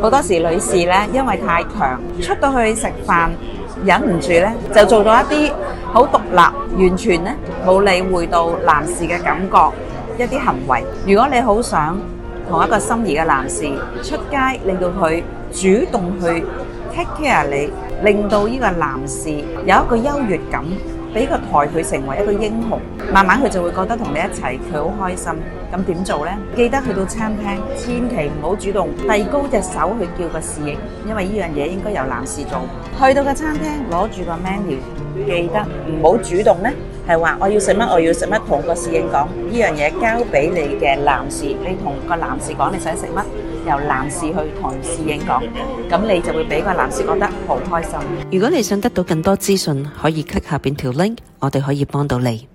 好多時女士呢，因為太強，出到去食飯，忍唔住呢，就做到一啲好獨立，完全呢冇理會到男士嘅感覺，一啲行為。如果你好想同一個心儀嘅男士出街，令到佢主動去 take care 你，令到呢個男士有一個優越感。俾個台佢成為一個英雄，慢慢佢就會覺得同你一齊佢好開心。咁點做呢？記得去到餐廳，千祈唔好主動遞高隻手去叫個侍應，因為呢樣嘢應該由男士做。去到個餐廳攞住個 menu，記得唔好主動呢，係話我要食乜，我要食乜，同個侍應講呢樣嘢交俾你嘅男士，你同個男士講你想食乜。由男士去同侍應講，咁你就會俾個男士覺得好開心。如果你想得到更多資訊，可以 click 下邊條 link，我哋可以幫到你。